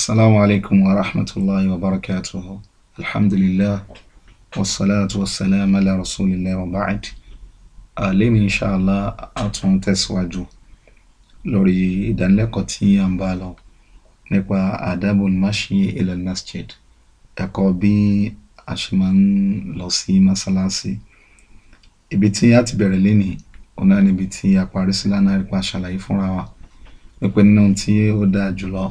السلام عليكم ورحمة الله وبركاته الحمد لله والصلاة والسلام على رسول الله وبعد lẹ́nu inṣàlá a tún tẹ̀síwájú lórí ìdánilẹ́kọ̀ọ́ tí a ń bá lọ nípa adabul mashi ilal masjid ẹ̀kọ́ bí a ṣe máa ń lọ sí masalasi ibi tí a ti bẹ̀rẹ̀ lénìí ọ̀nà níbi tí a parí sí lánàá rí pa ṣàlàyé fúnra wa wípé nínú tí ó dáa jùlọ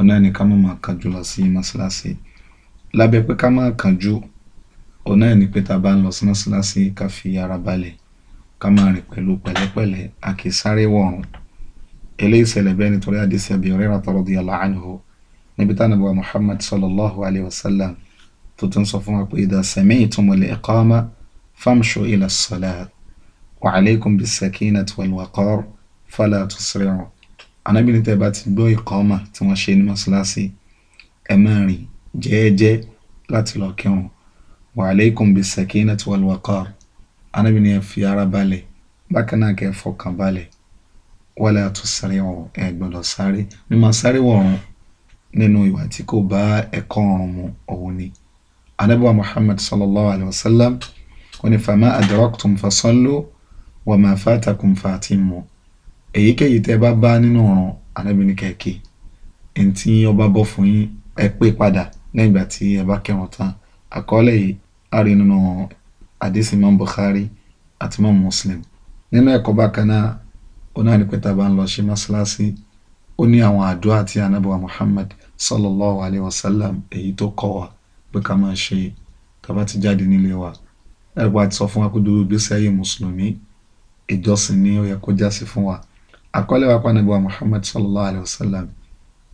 ọ̀nà ni ká má máa kánjú lọ sí mọ́ṣáláṣí lábẹ́ pé ká má kánjú ọ̀nà ni pé tá a bá ń lọ sí mọ́ṣáláṣí ká fi ara balẹ̀ ká máa rìn pẹ̀lú pẹ̀lẹ́pẹ̀lẹ́ a kì í sáré wọ̀rùn eléyìí ṣẹlẹ̀ bẹ́ẹ̀ nítorí àdìsí Abi Hurayrata radiyallahu anhu níbi tá ànàbọ̀ Muhammad sallallahu alayhi wa sallam tó sọ fún wa pé idha sami'tumul iqama famshu ila as-salat wa alaykum bis-sakinati wal anábìrin tẹ́ bá ti gbọ́ ìkọ́mà tí wọ́n ṣe ní mọ́ṣáláṣí ẹ máa rìn jẹ́ẹ́jẹ́ láti lọ kírun wa alaykum bis-sakinati wal-waqar anábìrin ẹ fi ara balẹ̀ bákan náà kẹ́ fọkàn balẹ̀ wala tusri'u ẹ gbọ́dọ̀ sáré mímọ sáré wọ̀run nínú ìwà tí kò bá ẹ̀kọ́ ọ̀run mu òun ni anábìwá Muhammad sallallahu alayhi wa sallam wọn ni fama adraktum fasallu wa ma fatakum èyíkéyìí tẹ́ bá bá nínú ọ̀ràn ànábì ní kẹ̀kẹ́ ẹ̀ǹtí ọba bọ́ fún yín ẹ pé padà lẹ́yìn ìgbà tí ẹ bá kẹrùn tán àkọọ́lẹ̀ yìí a rí nínú àdìsí imam àti imam muslim nínú ẹ̀kọ́ bákan náà ó náà ní pé tá a bá ń lọ sí mọ́ṣáláṣí ó ní àwọn àdúrà tí anábọ̀ muhammad sallallahu alayhi wa sallam èyí tó kọ́ wa pé ká máa ṣe ká bá ti jáde nílé wa ẹ̀rọ àti sọ fún wa kó dúró gbèsè ayé mùsùlùmí ìjọsìn ni ó yẹ kó jásí fún wa àkọlé wa pa níbo Muhammad sallallahu alayhi wa sallam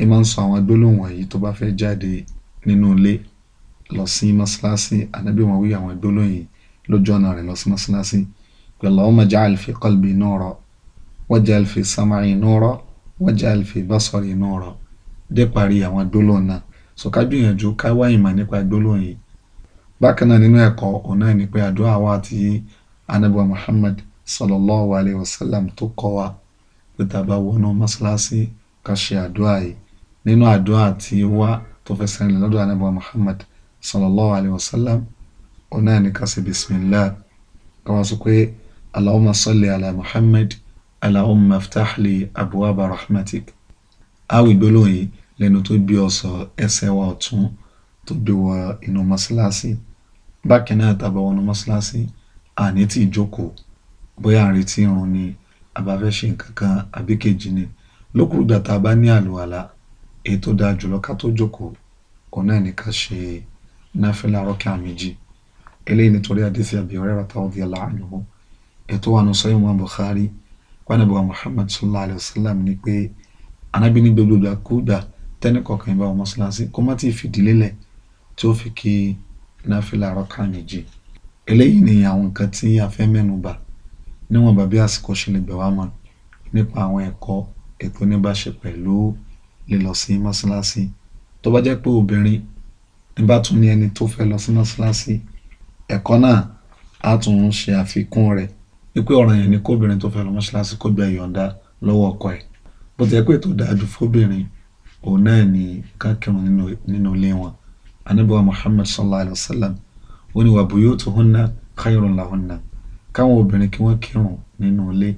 ẹ máa ń sọ àwọn gbólóhùn wọ̀nyí tó bá fẹ́ jáde nínú ilé lọ sí mọ́ṣáláṣí ànábì wọn wí àwọn gbólóhùn yìí lójú ọ̀nà rẹ̀ lọ sí mọ́ṣáláṣí pé Allahumma ja'al fi qalbi nura waj'al fi sam'i nura waj'al fi basari nura dé parí àwọn gbólóhùn náà sọ ká gbìyànjú ká wá ìmọ̀ nípa gbólóhùn yìí bákan náà pé tá a bá wọnú mọ́ṣáláṣí ká ṣe àdúrà yìí nínú àdúrà tí ó wá tó fẹsẹ̀ rìn lọ́dọ̀ anábọ̀ Muhammad sallallahu alayhi wa sallam ọ̀nà ẹni ká ṣe bismillah ká wá sọ pé allahumma salli ala Muhammad allahumma iftah li abwaba rahmatik awi gbólóhùn yìí lẹ́nu tó bí ọ̀sọ̀ ẹsẹ̀ wa ọ̀tún tó gbé wọ inú mọ́ṣáláṣí bákan náà tá wọnú mọ́ṣáláṣí àní tí ìjókòó bóyá àrètí irun ni a bá fẹ́ ṣe nǹkan kan àbí kejì ni lókùrú ìgbà tá a bá ní àlùwàlà èyí tó dáa jùlọ ká tó jókòó òun náà ní ká ṣe náfìlà rákà méjì eléyìí nítorí àdìsí Abi Hurairah radiyallahu anhu ètò wa nùsọ ìmọ̀ Bukhari kwanabu wa Muhammad sallallahu alayhi wa sallam ni pé anábì ní gbogbo ìgbàkúgbà tẹ́ni kọ̀ọ̀kan ìbá wọn mọ́ṣáláṣí kó má ti fìdílé lẹ̀ tí ó fi kí náfìlà rákà méjì eléyìí ni àwọn nǹkan tí a fẹ́ mẹ́nu bà níwọ̀nba bí àsìkò ṣe lè gbà wá mọ̀ nípa àwọn ẹ̀kọ́ ètò oníbáṣe pẹ̀lú lílọ sí mọ́ṣáláṣí tó bá jẹ́ pé obìnrin ní bá tún ní ẹni tó fẹ́ lọ sí mọ́ṣáláṣí ẹ̀kọ́ náà á tún ṣe àfikún rẹ̀ wípé ọ̀ranyàn ni kóbìnrin tó fẹ́ lọ mọ́ṣáláṣí kó gba ìyọ̀ǹda lọ́wọ́ ọkọ ẹ̀ bó ti yẹ pé ètò dáa fóbìnrin òun náà ni kákìrún nínú ilé wọn anábíwá Muhammad sallallahu alayhi wa sallam ó ní wa buyutuhunna khayrun lahunna káwọn obìnrin kí wọ́n kírun nínú ilé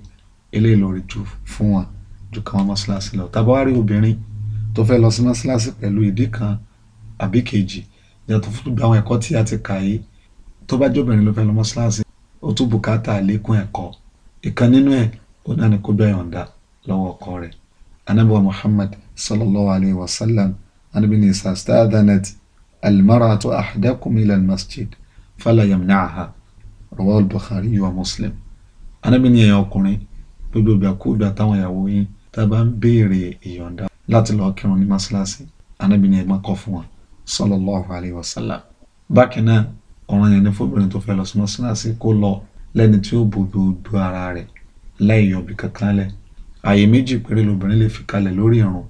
eléyìí lọ rí jù fún wọn ju káwọn mọ́ṣáláṣí lọ tàbá wá rí obìnrin tó fẹ́ lọ sí mọ́ṣáláṣí pẹ̀lú ìdí kan àbí kejì yàtọ̀ fún gbogbo àwọn ẹ̀kọ́ tí a ti kà yìí tó bá jóbìnrin ló fẹ́ lọ mọ́ṣáláṣí ó tún bùkátà àlékún ẹ̀kọ́ ìkan nínú ẹ̀ ó náà ni kó gbà yọ̀ǹda lọ́wọ́ ọkọ rẹ̀ anábọ̀ Muhammad sallallahu alayhi wa sallam anabi ni sastaadanat almaratu ahadakum ila almasjid fala yamna'aha rawal bukhari yóò muslim anábì ní ẹ̀yin ọkùnrin gbogbo ìgbàkúgbà táwọn ìyàwó yín tá a bá ń béèrè ìyọ̀ǹda láti lọ kírun ní mọ́ṣáláṣí anábì ní ẹ má kọ̀ fún wọn sallallahu alayhi wa sallam bákan náà ọ̀ràn yẹn ní fóbìnrin tó fẹ́ lọ sí mọ́ṣáláṣí kó lọ lẹ́ni tí ó bo gbogbo ara rẹ̀ láì yọ̀bì kankan lẹ̀ àyè méjì péré lobìnrin lè fi kalẹ̀ lórí ìrun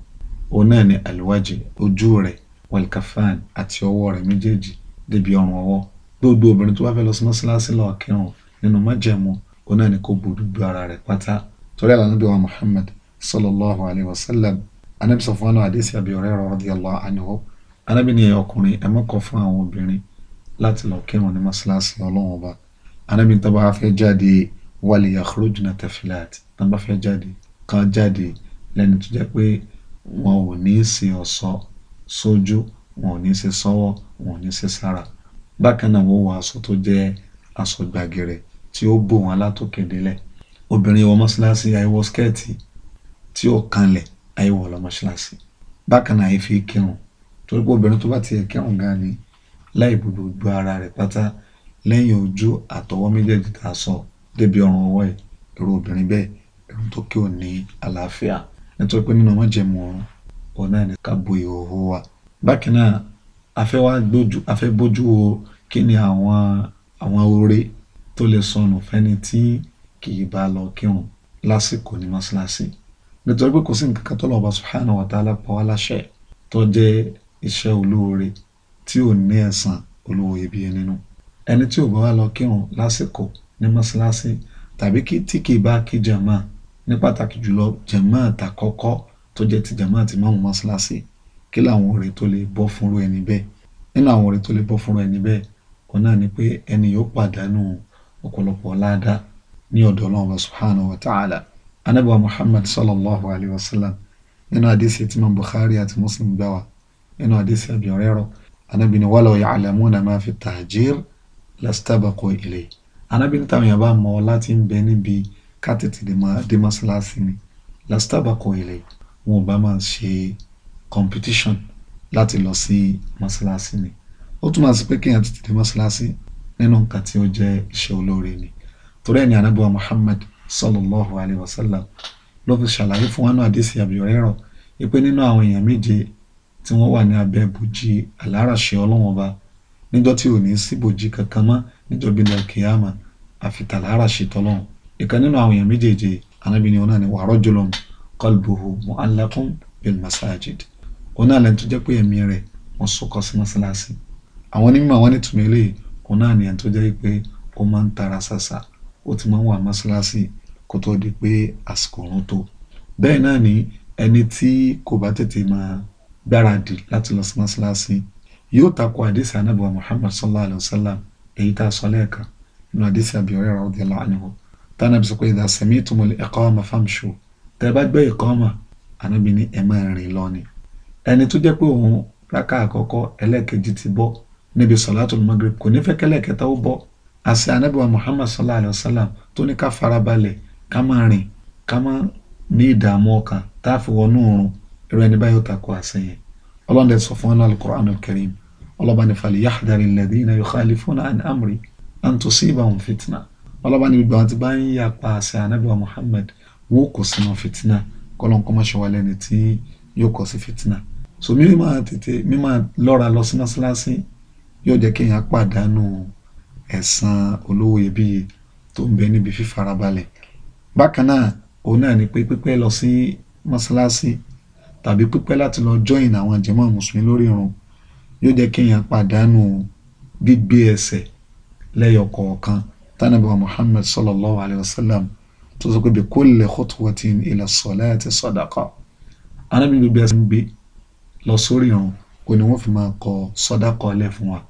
òun náà ni àlùwájì ojú rẹ̀ wẹ̀lkafán àti ọwọ́ rẹ̀ méjèèjì débi ọrùn ọwọ́ gbogbo obìnrin tó bá fẹ́ lọ sí mọ́ṣáláṣí lọ kírun nínú májẹ̀mú òun náà ni kò bojú bu ara rẹ̀ pátá torí àlànà bí wa Muhammad sallallahu alayhi wa sallam anabi sọ fún àdìsí Abi Hurairah radiyallahu anhu anabi ni ọkùnrin ẹ má kọ fún àwọn obìnrin láti lọ kírun ní mọ́ṣáláṣí ọlọ́run ọba anabi tó bá fẹ́ jáde wali yakhrujna tafilat tó bá bákan náà wọ́n wọ aṣọ tó jẹ́ aṣọ gbàgẹ̀rẹ̀ tí ó bò wọn látòkè délẹ̀ obìnrin wọ mọ́ṣáláṣí àìwọ skẹ́ẹ̀tì tí ó kanlẹ̀ àìwọ lọ mọ́ṣáláṣí bákan náà àìfi kírun torí pé obìnrin tó bá tiẹ̀ kírun gan ni láì gbogbo gbọ́ ara rẹ̀ pátá lẹ́yìn ojú àtọwọ́ méjèèjì tá a sọ débi ọrùn ọwọ́ ẹ̀ irú obìnrin bẹ́ẹ̀ irú tó kí ò ní àlàáfíà nítorí pé nínú wọn jẹ́ mọ́ ọ̀run náà ní ká bo ìhòòhò wa bákan náà a fẹ́ wá gbójú a fẹ́ bójú wo kí ni àwọn àwọn oore tó lè sọnù fẹ́ni tí kì í bá lọ kírun lásìkò ní mọ́ṣáláṣí nítorí pé kò sí nǹkan kan tó lọ́wọ́ bá subhanahu wa ta'ala pa wá láṣẹ tó jẹ́ iṣẹ́ olóore tí ò ní ẹ̀san olówó iyebíye nínú ẹni tí ò bá wá lọ kírun lásìkò ní mọ́ṣáláṣí tàbí kí tí kì í bá kí jàmáà ní pàtàkì jùlọ jàmáà tàkọ́kọ́ tó jẹ́ ti jàmáà ti máàmù mọ́ṣáláṣí kí làwọn oore tó lè bọ́ fúnrú ẹni bẹ́ẹ̀ nínú àwọn oore tó lè bọ́ fúnrú ẹni bẹ́ẹ̀ òun náà ni pé ẹni yóò pàdánù ọ̀pọ̀lọpọ̀ láàdá ní ọ̀dọ̀ ọlọ́run subhanahu wa ta'ala anabi wa muhammad sallallahu alayhi wa sallam nínú àdìsí tí imam bukhari àti muslim gbà wá nínú àdìsí abi hurairah anabi ni walaw ya'lamuna ma fi at-tahjir lastabaqu ilayhi anabi ní táwọn yàrá mọ láti ń bẹ níbi káàtìtì dé mọ́ṣáláṣí ni lastabaqu ilayhi wọn ò bá máa ṣe é competition láti lọ sí mọ́ṣáláṣí ni ó túmọ̀ sí pé kéèyàn ti tètè mọ́ṣáláṣí nínú nǹkan tí ó jẹ́ iṣẹ́ olóore ni torí ẹni anábíwá Muhammad sallallahu alayhi wa sallam ló fi ṣàlàyé fún wọn náà àdéhìsí àbíọ̀rẹ́rọ̀ wípé nínú àwọn èèyàn méje tí wọ́n wà ní abẹ́ bòjì aláràṣẹ ọlọ́wọ́n ba níjọ́ tí ò ní sí bòjì kankan mọ́ níjọ́ bí lẹ́ẹ̀ kìyàmà àfitàláràṣẹ tọ́lọ́hún ìkan nínú àwọn èèyàn méjèèjì anábìnrin náà ni wa rajulun qalbuhu mu'allaqun bil masajid òun náà lẹni tó jẹ́ pé ẹ̀mí rẹ̀ wọ́n sọkọ sí mọ́ṣáláṣí àwọn onímọ̀ àwọn nítumọ̀ eléyìí òun náà ni ẹni tó jẹ́ pé ó máa ń tara ṣàṣà ó ti máa ń wà mọ́ṣáláṣí kó tó di pé àsìkò òun tó bẹ́ẹ̀ náà ni ẹni tí kò bá tètè máa gbáradì láti lọ sí mọ́ṣáláṣí yóò takò àdìsí anábìwá Muhammad sallallahu alayhi wa sallam èyí tá a sọ lẹ́ẹ̀kan nínú àdìsí Abi Hurairah radiyallahu anhu tánàbí sọ pé idha sami'tumul iqama famshu tẹ́ bá gbé iqama ẹni tó jẹ́ pé òun rákà àkọ́kọ́ ẹlẹ́ẹ̀kejì ti bọ́ níbi sọ̀látùl magrib kò ní fẹ́ kẹ́lẹ́kẹta ó bọ́ àṣẹ anábìwá muhammad sallallahu alayhi wa sallam tó ní ká farabalẹ̀ ká máa rìn ká máa ní ìdààmú ọkàn tá a fi wọnú oorun irú ẹni báyìí ó takò àṣẹ yẹn ọlọ́run dẹ̀ sọ fún ọ́nà al-Qur'anul ọlọ́ba ní falyahdhari alladhina yukhalifuna an amri an tusibahum fitna ọlọ́ba ní gbogbo àwọn bá ń yà àṣẹ anábìwá muhammad wọn kò sínú fitna kọ́lọ́n kọ́mọ́ṣẹ́wálẹ́ni tí yóò kọ sí fìtínà so mímí máa tètè mímá lọ́ra lọ sí mọ́ṣáláṣí yóò jẹ́ kí èèyàn pàdánù ẹ̀san olówó iyebíye tó ń bẹ níbi fífarabalẹ̀ bákan náà òun náà ni pé pípẹ́ lọ sí mọ́ṣáláṣí tàbí pípẹ́ láti lọ join àwọn jàmá mùsùlùmí lórí irun yóò jẹ́ kí èèyàn pàdánù gbígbé ẹsẹ̀ lẹ́yọ kọ̀ọ̀kan tánàbí wa Muhammad wa sallam tó sọ pé bi kulli khutwatin ila salati sadaqa anábì gbogbo ẹsẹ̀ ń gbé lọ sórí ìrun kò ní wọ́n fi máa kọ sọ́dá kọ́lẹ̀ fún wa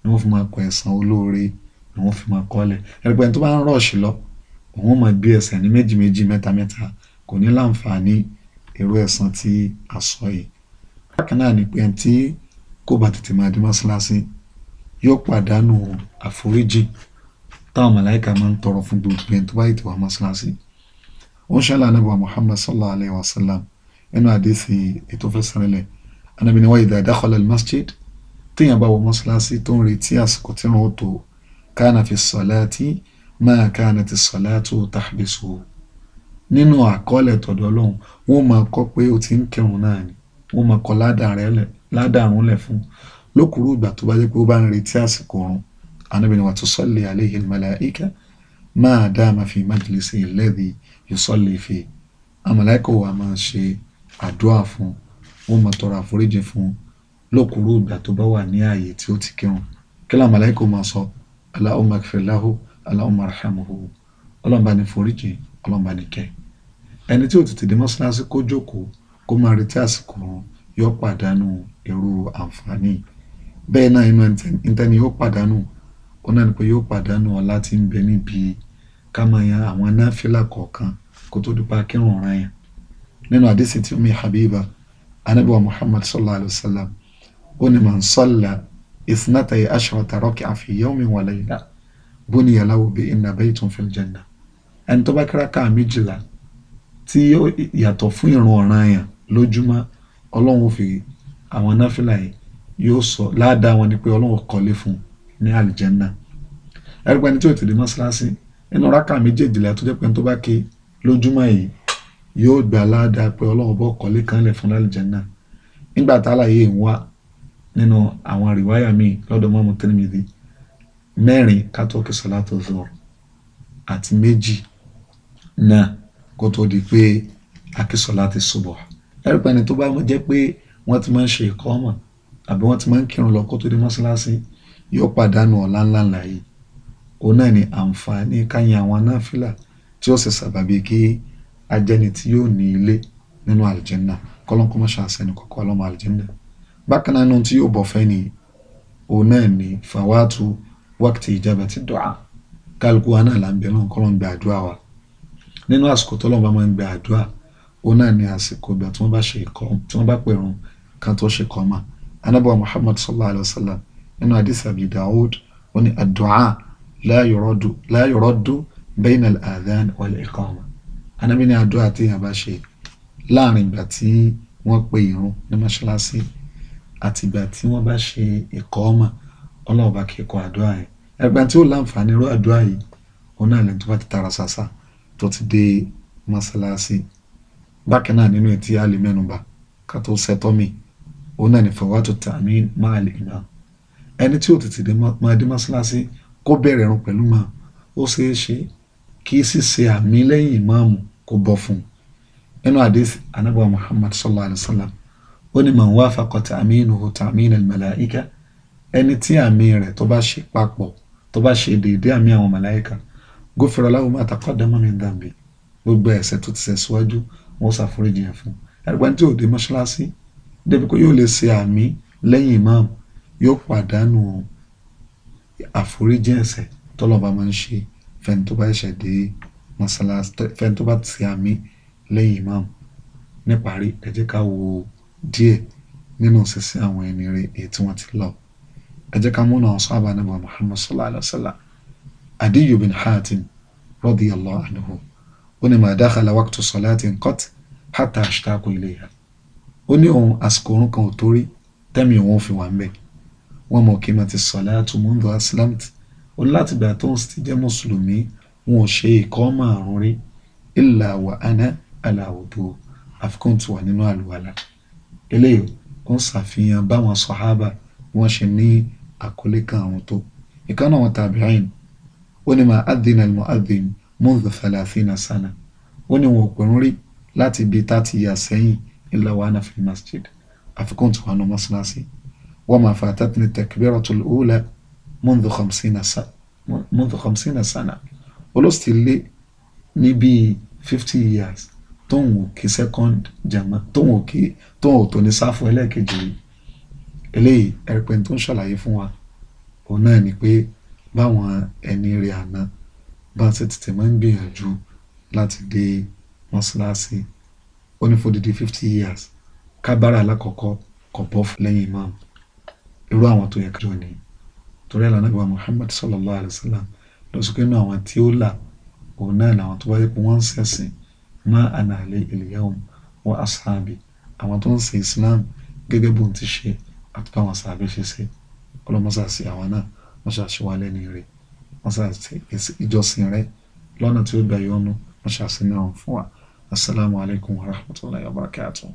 ni wọ́n fi máa kọ ẹ̀san olóore ni wọ́n fi máa kọ́lẹ̀ ẹ̀rẹ́pẹ̀ tó bá ń rọ̀ọ̀ṣì lọ òun máa gbé ẹsẹ̀ ní méjì méjì mẹ́ta mẹ́ta kò ní láǹfààní èrò ẹ̀san tí a sọ yìí. bákan náà ni pé tí kò bá tètè máa dé mọ́ṣáláṣí yóò pàdánù àforíjì táwọn màláìka máa ń tọrọ fún gbogbo ẹni tó bá yìí tó wá mọ́ṣáláṣí. ó ń ṣàlàyé Ànábì Muhammad sallallahu alayhi wa sallam nínú àdéhìsì ètò fẹsẹ̀ nílẹ̀ anábì ni wọ́n ìdá dakhala al-masjid téèyàn bá wọ mọ́ṣáláṣí tó ń retí àsìkò tí wọ́n tó kana fi salati ma kanati salatu tahbisu nínú àkọọ́lẹ̀ tọ̀dọ̀ ọlọ́run wọ́n máa kọ́ pé o ti ń kírun náà ni wọ́n máa kọ́ ládàrún lẹ̀ fún lókùrú ìgbà tó bá jẹ́ pé ó bá ń retí àsìkò ọ̀run anábì ni wa tusalli alayhi al-malaika ma dama fi majlisi alladhi yusalli fi àmàlẹ́kọ̀ wa máa ṣe àdúrà fún wọn máa tọrọ àforíjì fún lókùrú ìgbà tó bá wà ní ààyè tí ó ti kírun kí làwọn màláíkà máa sọ Allahumma ighfir lahu Allahumma irhamhu Ọlọ́run bá ní foríjì Ọlọ́run bá ní kẹ́ ẹni tí ò tètè dé mọ́ṣáláṣí kó jókòó kó máa retí àsìkò òun pàdánù irú àǹfààní bẹ́ẹ̀ náà inú ìtẹ́ni yóò pàdánù ó náà ní pé yóò pàdánù ọlá tí ń bẹ níbi ká máa yan àwọn náfìlà kọ̀ọ̀kan kó tó dípa kírun ọ̀ràn yẹn nínú àdísì tí Ummi Habiba anábíwá Muhammad sallallahu alayhi wa sallam ó ní man salla isnatay ashrata rak'a fi yawmin wa layla buniya lahu bi inna baytun fil janna ẹni tó bá kíra ká méjìlá tí ó yàtọ̀ fún ìrun ọ̀ranyàn lójúmọ́ ọlọ́run fi àwọn náfìlà yìí yóò sọ ládàá wọn ni pé ọlọ́run kọ́lé fún un ní àlìjẹ́nà ẹgbẹ́ni tí ò tẹ̀lé mọ́ṣáláṣí nínú rákà méjèèjìlá tó jẹ́ pé tó bá ké lójúmọ́ yìí yóò gbà ládàá pé ọlọ́run bọ́ kọ́lé kan lẹ̀ fún àlùjánnà nígbà tálà yìí ń wá nínú àwọn àríwáyà míì lọ́dọ̀ mọ́mú Tirmidhi mẹ́rin kátọ́kì sọ́látò zọr àti méjì náà kó tó di pé akísọ́lá ti ṣubọ̀ ẹ̀rọ̀pẹ̀ ni tó bá jẹ́ pé wọ́n ti máa ń ṣe ìkọ́ ọmọ àbí wọ́n ti máa ń kírun lọ kó tó di mọ́ṣáláṣí yóò pàdánù ọ̀la ńlá ńlá yìí òun náà ni àǹfààní káyìn àwọn náà fìlà tí ó sì sábàbí kí ajẹ́ni tí yóò ní ilé nínú àlìjẹ́nà kọ́lọ́n kọ́ mọ́ṣá sẹ́ni kọ́kọ́ ọlọ́mọ àlìjẹ́nà bákan náà nínú tí yóò bọ̀ fẹ́ ni òun náà ni fàwátú wákìtì ìjábẹ̀ ti dùn á kálukú wa náà là ń bẹ lọ́n kọ́lọ́n gba àdúrà wa nínú àsìkò tọ́lọ́n bá máa ń gba àdúrà òun náà ni àsìkò ìgbà tí wọ́n bá ṣe ìkọ́ tí wọ́n bá pẹ̀rùn kan tó ṣe kọ́ mà anábọ̀ Muhammad sallallahu alayhi anábì ní àdúrà téèyàn bá ṣe láàrin ìgbà tí wọ́n pe ìrun ní masalasi, àti ìgbà tí wọ́n bá ṣe ẹ̀kọ́ ọmọ ọlọ́run bá kẹ́kọ̀ọ́ àdúrà yẹn ẹgbẹ́ tí ó láǹfààní irú àdúrà yìí òun náà lẹ́nu tó bá ti tara ṣàṣà tó ti dé mọ́ṣáláṣí bákan náà nínú ètí a lè mẹ́nuba ká tó ṣẹtọ́ mi òun náà ní fawatu ta'min ma'a al ẹni tí ó tètè máa dé mọ́ṣáláṣí kó bẹ̀rẹ̀ ẹ̀rùn pẹ̀lú máa ó ṣeé ṣe kí ṣíṣe àmì lẹ́yìn ìmáàmù kó bọ́ fún un nínú àdéhùn anábọ̀ muhammad sallallahu alayhi wa sallam ó ní man wafaqa ta'minuhu ta'min al-malaika ẹni tí àmì rẹ̀ tó bá ṣe papọ̀ tó bá ṣe déédéé àmì àwọn màláìka gufira lahu ma taqaddama min dhanbi gbogbo ẹ̀ṣẹ̀ tó ti ṣẹ̀ síwájú wọn ṣàforíjì yẹn fún ẹgbẹ́ tí ò dé mọ́ṣáláṣí débi pé yóò lè ṣe àmì lẹ́yìn imam yóò pàdánù àforíjì ẹ̀ṣẹ̀ tọ́lọ́ba máa ń ṣe fẹ́ni tó bá ṣẹ̀ dé mọ́sálásí fẹ́ni tó bá ti ṣe àmì lẹ́yìn imam níparí ẹ jẹ́ ká wo díẹ̀ nínú sísí àwọn ẹni rẹ̀ èyí tí wọ́n ti lọ ẹ jẹ́ ká múnà ọ̀sán àbánibọ̀ muhammad sallallahu alayhi wa sallam adiyu bin hatim radiyallahu anhu ó ní ma dakhala waqtu salatin qat hatta ashtaqu ilayha ó ní òun àsìkò òun kan ò torí tẹ́mi òun fi wà ń bẹ̀ wọ́n mọ̀ kí n ma ti salatu mundu aslamti ó láti gbà tó ń ti jẹ́ mùsùlùmí wọn ò ṣe ìkọ́mọ̀ àrùn rí ìlà wà áná aláwòdó àfikún ti wà nínú àlùwàlà eléyìí ó ń ṣàfihàn báwọn sọ̀hábà wọn ṣe ní àkọlé kan àrùn tó ìkànnà wọn tàbíàìn ó ní máa adìnà mu'adhin mundu thalathina sana ó ní wọn ò pẹ̀rún rí láti bíi thirty years sẹ́yìn ìlà wà áná fil masjid àfikún ti nínú mọ́ṣáláṣí wọ́n máa fàtàtì ní takbiratul ula mundu khamsina sana olóòsì lé ní bíi fifty years tóun ò kí second jama tóun ò kí tóun ò tó ní sáfù ẹlẹ́ẹ̀kejì rí eléyìí ẹ̀rìpẹ̀n tó ń ṣàlàyé fún wa òun náà ni pé báwọn ẹni rẹ̀ àná bá a ṣe tètè máa ń gbìyànjú láti dé mọ́ṣáláṣí ó ní fódìdí fifty years kábàárà alákọ̀ọ́kọ́ kò bọ́ lẹ́yìn imam irú àwọn tó yẹ kájọ nìyí torí ẹ̀ ìwà Muhammad sallallahu alayhi wa sallam lọ sí pé nínú àwọn tí ó là òun náà làwọn tó bá yẹ pé wọ́n ń ṣẹ̀sìn má ana alẹ́ ìlẹ́yàwó wọ́n asáàbì àwọn tó ń ṣe Islam gẹ́gẹ́ bó ń ti ṣe àti báwọn asáàbì ṣe ṣe ọlọ́mọṣà àwọn náà wọ́n ṣàṣe wá lẹ́ni rẹ̀ wọ́n ṣàṣe ìjọsìn rẹ̀ lọ́nà tí ó gbà yọnu wọ́n ṣàṣe náà fún wa asalaamualeykum wa rahmatulahi wa barakatuh.